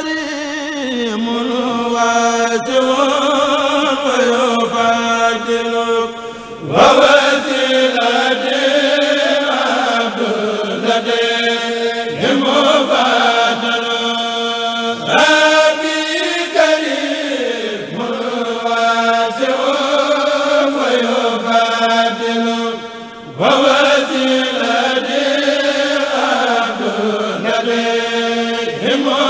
كريم واسع ويفاضلك ووسيلتي عبد لديه مفاضل أبي كريم واسع ويفاضلك ووسيلتي عبد لديه مفاضل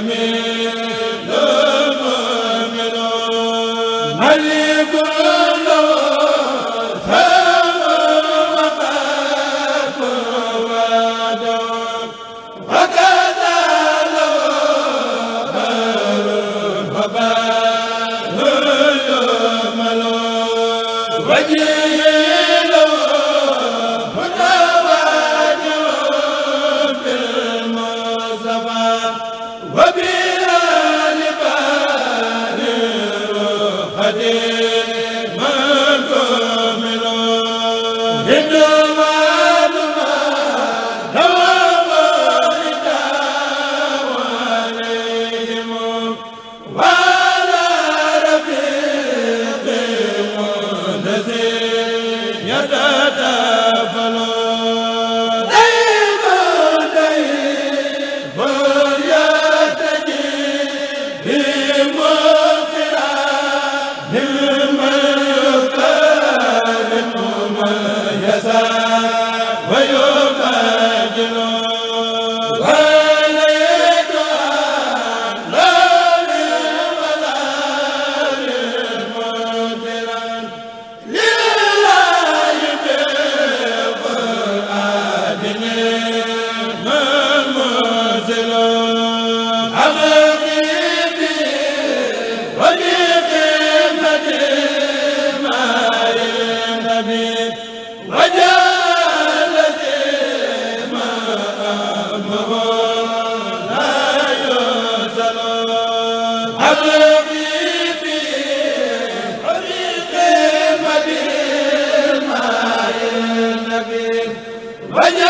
amiin wa bi waja